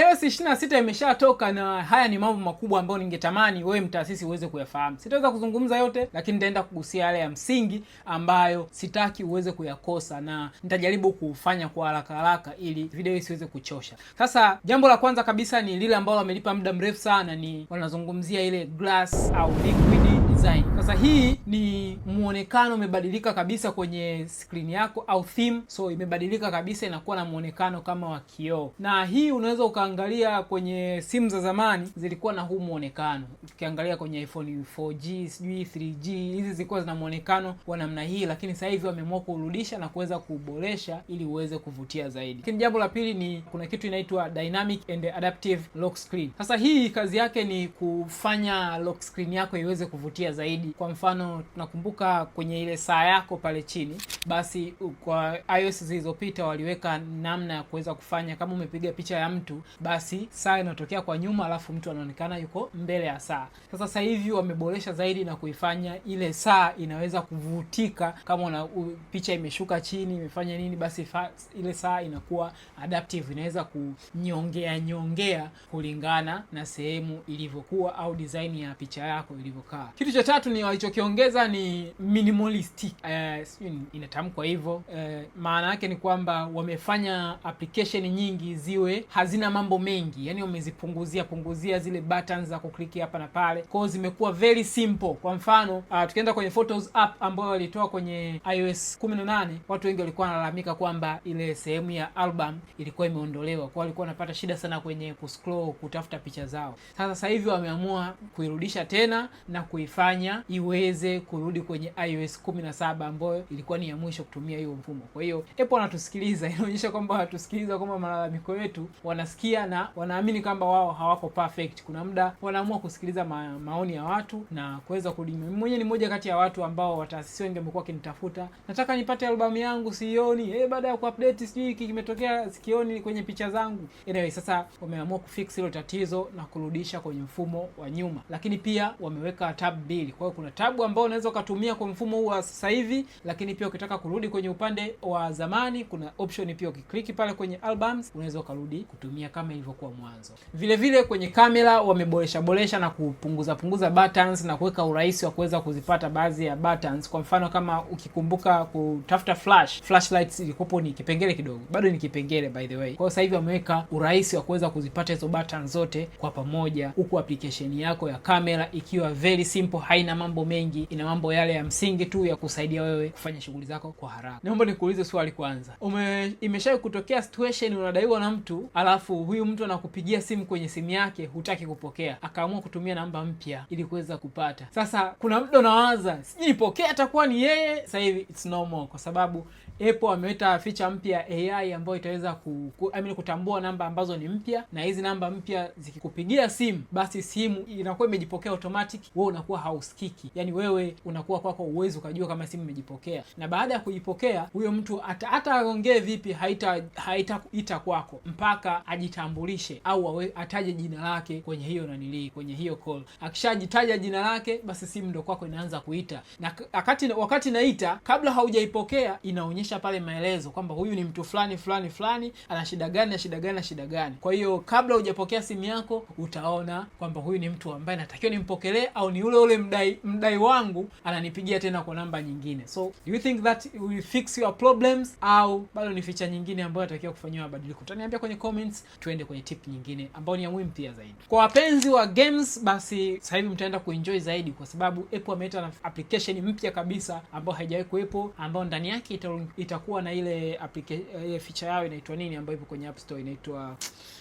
iOS 26 imeshatoka na haya ni mambo makubwa ambayo ningetamani wewe mtaasisi uweze kuyafahamu. Sitaweza kuzungumza yote, lakini nitaenda kugusia yale ya msingi ambayo sitaki uweze kuyakosa na nitajaribu kufanya kwa haraka haraka ili video isiweze kuchosha. Sasa jambo la kwanza kabisa ni lile ambalo wamelipa muda mrefu sana, ni wanazungumzia ile glass au liquid design. Sasa hii ni muonekano umebadilika kabisa kwenye skrini yako au theme, so imebadilika kabisa, inakuwa na muonekano kama wa kioo, na hii unaweza ukaangalia kwenye simu za zamani zilikuwa na huu muonekano. Ukiangalia kwenye iPhone 4G sijui 3G hizi zilikuwa zina muonekano wa namna hii, lakini sasa hivi wameamua kurudisha na kuweza kuboresha ili uweze kuvutia zaidi. Lakini jambo la pili ni kuna kitu inaitwa dynamic and adaptive lock screen. Sasa hii kazi yake ni kufanya lock screen yako iweze kuvutia zaidi. Kwa mfano, tunakumbuka kwenye ile saa yako pale chini, basi kwa iOS zilizopita waliweka namna ya kuweza kufanya kama umepiga picha ya mtu, basi saa inatokea kwa nyuma, alafu mtu anaonekana yuko mbele ya saa. Sasa sasa hivi wameboresha zaidi na kuifanya ile saa inaweza kuvutika kama una picha imeshuka chini, imefanya nini, basi fa, ile saa inakuwa adaptive, inaweza kunyongea nyongea kulingana na sehemu ilivyokuwa au design ya picha yako ilivyokaa. Kitu cha tatu ni walichokiongeza ni minimalistic, eh, sijui inatamkwa hivyo uh, maana yake ni kwamba wamefanya application nyingi ziwe hazina mambo mengi, yani wamezipunguzia punguzia zile buttons za kukliki hapa na pale, kwao zimekuwa very simple. Kwa mfano uh, tukienda kwenye Photos app ambayo walitoa kwenye iOS 18, watu wengi walikuwa wanalalamika kwamba ile sehemu ya album ilikuwa imeondolewa, kwao walikuwa wanapata shida sana kwenye kuscroll kutafuta picha zao. Sasa sasa hivi wameamua kuirudisha tena na kuifanya kuifanya iweze kurudi kwenye iOS 17 ambayo ilikuwa ni ya mwisho kutumia hiyo mfumo. Kwa hiyo Apple anatusikiliza, inaonyesha kwamba hatusikiliza kwamba malalamiko yetu, wanasikia na wanaamini kwamba wao hawako perfect. Kuna muda wanaamua kusikiliza ma maoni ya watu na kuweza kulima. Mwenyewe ni mmoja kati ya watu ambao wataasisi wengi wamekuwa wakinitafuta, nataka nipate albamu yangu sioni, eh, baada ya kuupdate sijui hiki kimetokea sikioni kwenye picha zangu. Anyway, sasa wameamua kufix hilo tatizo na kurudisha kwenye mfumo wa nyuma, lakini pia wameweka tab mbili. Kwa hiyo kuna tabu ambayo unaweza ukatumia kwa mfumo huu wa sasa hivi, lakini pia ukitaka kurudi kwenye upande wa zamani, kuna option pia, ukikliki pale kwenye albums unaweza ukarudi kutumia kama ilivyokuwa mwanzo. Vile vile kwenye kamera wameboresha boresha na kupunguza punguza buttons na kuweka urahisi wa kuweza kuzipata baadhi ya buttons. Kwa mfano kama ukikumbuka kutafuta flash flashlights, ilikopo ni kipengele kidogo, bado ni kipengele by the way. Kwa sasa hivi wameweka urahisi wa kuweza kuzipata hizo buttons zote kwa pamoja, huku application yako ya kamera ikiwa very simple haina mambo mengi, ina mambo yale ya msingi tu ya kusaidia wewe kufanya shughuli zako kwa haraka. Naomba nikuulize swali kwanza, ume imeshawahi kutokea situation unadaiwa na mtu, alafu huyu mtu anakupigia simu kwenye simu yake hutaki kupokea, akaamua kutumia namba mpya ili kuweza kupata. Sasa kuna mtu unawaza, sijui nipokee atakuwa ni yeye. Sasa hivi it's normal kwa sababu Apple ameweka feature mpya AI ambayo itaweza ku, ku, I mean, kutambua namba ambazo ni mpya, na hizi namba mpya zikikupigia simu, basi simu inakuwa imejipokea automatic, wewe unakuwa hausikiki, yani wewe unakuwa kwako uwezi ukajua kama simu imejipokea, na baada ya kujipokea huyo mtu hata aongee vipi haita haitaita kwako mpaka ajitambulishe au awe, ataje jina lake kwenye hiyo nanili, kwenye hiyo call. Akishajitaja jina lake, basi simu ndo kwako inaanza kuita, na wakati wakati naita, kabla haujaipokea inaonyesha pale maelezo kwamba huyu ni mtu fulani fulani fulani, ana shida gani na shida gani na shida gani. Kwa hiyo kabla hujapokea simu yako utaona kwamba huyu ni mtu ambaye natakiwa nimpokelee au ni ule ule mdai mdai wangu ananipigia tena kwa namba nyingine. So do you think that will fix your problems, au bado ni feature nyingine ambayo atakiwa kufanyiwa mabadiliko? Utaniambia kwenye comments, tuende kwenye tip nyingine ambayo ni ya muhimu pia zaidi kwa wapenzi wa games. Basi sasa hivi mtaenda kuenjoy zaidi, kwa sababu Apple ameleta application mpya kabisa ambayo haijawahi kuwepo, ambayo ndani yake itakuwa na ile application eh, feature yao inaitwa nini, ambayo ipo kwenye App Store inaitwa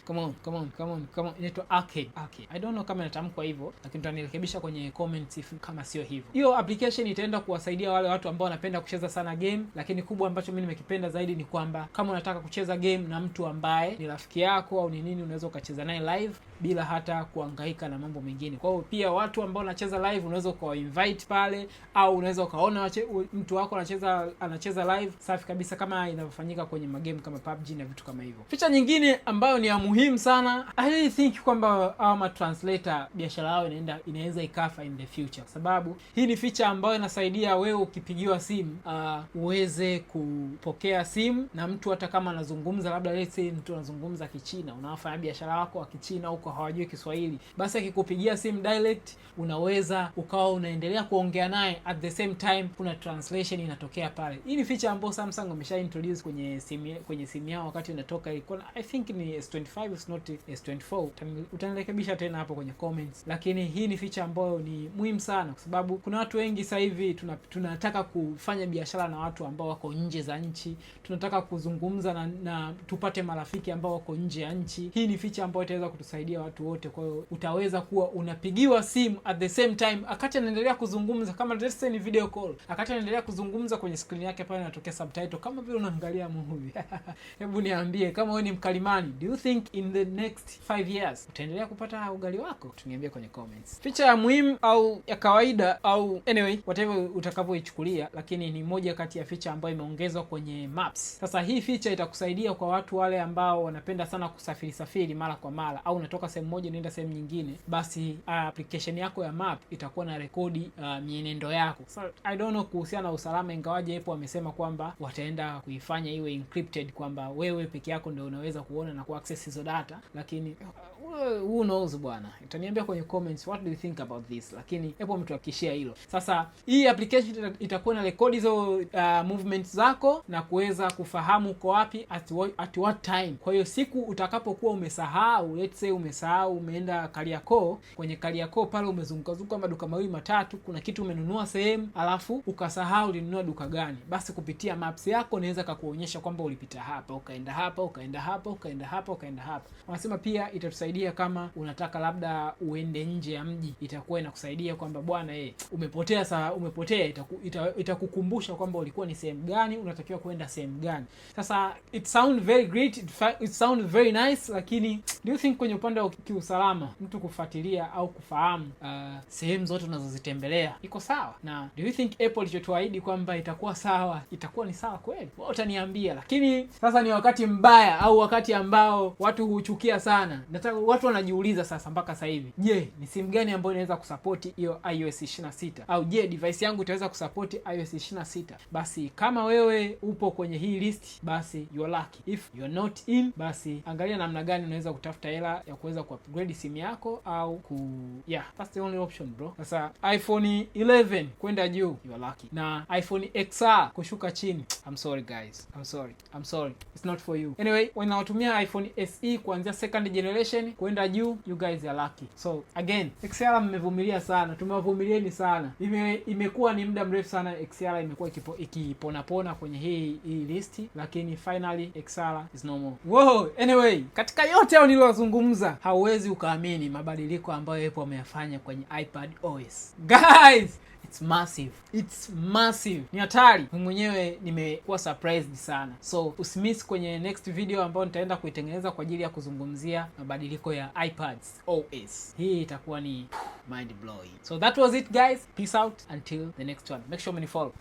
come on come on come on come on, inaitwa arcade arcade. I don't know kama inatamkwa hivyo, lakini tutanirekebisha kwenye comment competitive kama sio hivyo. Hiyo application itaenda kuwasaidia wale watu ambao wanapenda kucheza sana game, lakini kubwa ambacho mimi nimekipenda zaidi ni kwamba kama unataka kucheza game na mtu ambaye ni rafiki yako au ni nini, unaweza ukacheza naye live bila hata kuangaika na mambo mengine. Kwa hiyo pia watu ambao wanacheza live unaweza ukawa invite pale, au unaweza ukaona mtu wako anacheza anacheza live safi kabisa, kama inavyofanyika kwenye magame kama PUBG na vitu kama hivyo. Picha nyingine ambayo ni ya muhimu sana, I really think kwamba hawa ma translator biashara yao inaenda inaweza ikafa in the future, kwa sababu hii ni feature ambayo inasaidia wewe ukipigiwa simu uh, uweze kupokea simu na mtu hata kama anazungumza labda, let's say mtu anazungumza Kichina, unawafanya biashara yako wa Kichina huko hawajui Kiswahili, basi akikupigia simu direct unaweza ukawa unaendelea kuongea naye at the same time kuna translation inatokea pale. Hii ni feature ambayo Samsung wamesha introduce kwenye simu kwenye simu yao wakati inatoka ilikuwa I think ni S25 is not S24. Utanirekebisha tena hapo kwenye comments. Lakini hii ni feature ambayo ni muhimu sana kwa sababu kuna watu wengi sasa hivi tuna, tunataka kufanya biashara na watu ambao wako nje za nchi. Tunataka kuzungumza na, na tupate marafiki ambao wako nje ya nchi. Hii ni feature ambayo itaweza kutusaidia watu wote. Kwa hiyo utaweza kuwa unapigiwa simu at the same time, akati anaendelea kuzungumza, kama let's say ni video call, akati anaendelea kuzungumza kwenye skrini yake pale inatokea subtitle kama vile unaangalia movie. Hebu niambie kama wewe ni mkalimani, do you think in the next 5 years utaendelea kupata ugali wako? Tuniambie kwenye comments. Picha ya muhimu au ya kawaida au anyway whatever utakavyoichukulia, lakini ni moja kati ya feature ambayo imeongezwa kwenye Maps. Sasa hii feature itakusaidia kwa watu wale ambao wanapenda sana kusafiri safiri mara kwa mara au unatoka kutoka sehemu moja unaenda sehemu nyingine, basi ah, application yako ya map itakuwa na rekodi uh, mienendo yako. So, I don't know kuhusiana na usalama, ingawaje Apple wamesema kwamba wataenda kuifanya iwe encrypted, kwamba wewe peke yako ndio unaweza kuona na kuaccess hizo data, lakini uh, Eh, who knows bwana, itaniambia kwenye comments what do you think about this, lakini hapo mtu akishare hilo. Sasa hii application itakuwa ita na rekodi hizo uh, movements zako na kuweza kufahamu uko wapi at, at what time. Kwa hiyo siku utakapokuwa umesahau, let's say umesahau umeenda Kariakoo, kwenye Kariakoo pale umezunguka zunguka maduka mawili matatu, kuna kitu umenunua sehemu alafu ukasahau ulinunua duka gani, basi kupitia maps yako naweza kakuonyesha kwamba ulipita hapa ukaenda hapa ukaenda hapa ukaenda hapa ukaenda hapa. Wanasema pia itatusaidia pia kama unataka labda uende nje ya mji, itakuwa inakusaidia kwamba bwana e, umepotea saa umepotea, itakukumbusha ita kwamba ulikuwa ni sehemu gani, unatakiwa kuenda sehemu gani. Sasa it sound very great, it sound very nice, lakini do you think kwenye upande wa kiusalama mtu kufuatilia au kufahamu uh, sehemu zote unazozitembelea iko sawa? Na do you think Apple ilichotuahidi kwamba itakuwa sawa itakuwa ni sawa kweli? Utaniambia, lakini sasa ni wakati mbaya au wakati ambao watu huchukia sana. Nataka watu wanajiuliza sasa mpaka sasa hivi, je, ni simu gani ambayo inaweza kusapoti hiyo iOS 26 au je, device yangu itaweza kusapoti iOS 26? Basi kama wewe upo kwenye hii list, basi you're lucky. If you're not in, basi angalia namna gani unaweza kutafuta hela ya kuweza kuupgrade simu yako au ku yeah, that's the only option bro. Sasa iPhone 11 kwenda juu you're lucky, na iPhone XR kushuka chini, I'm sorry guys, I'm sorry, I'm sorry, it's not for you. Anyway, wanaotumia iPhone SE kuanzia second generation kwenda juu, you guys are lucky. So again, XR mmevumilia sana, tumewavumilieni sana. Ime, imekuwa ni muda mrefu sana XR imekuwa ikiponapona kwenye hii hii listi, lakini finally XR is no more. Wow, anyway, katika yote hayo niliyozungumza, hauwezi ukaamini mabadiliko ambayo Apple ameyafanya kwenye iPad OS guys it's massive, it's massive, ni hatari. mwenyewe nimekuwa surprised sana, so usimiss kwenye next video ambayo nitaenda kuitengeneza kwa ajili ya kuzungumzia mabadiliko ya iPads OS. Hii itakuwa ni mind blowing. So that was it guys, peace out until the next one, make sure mnifollow.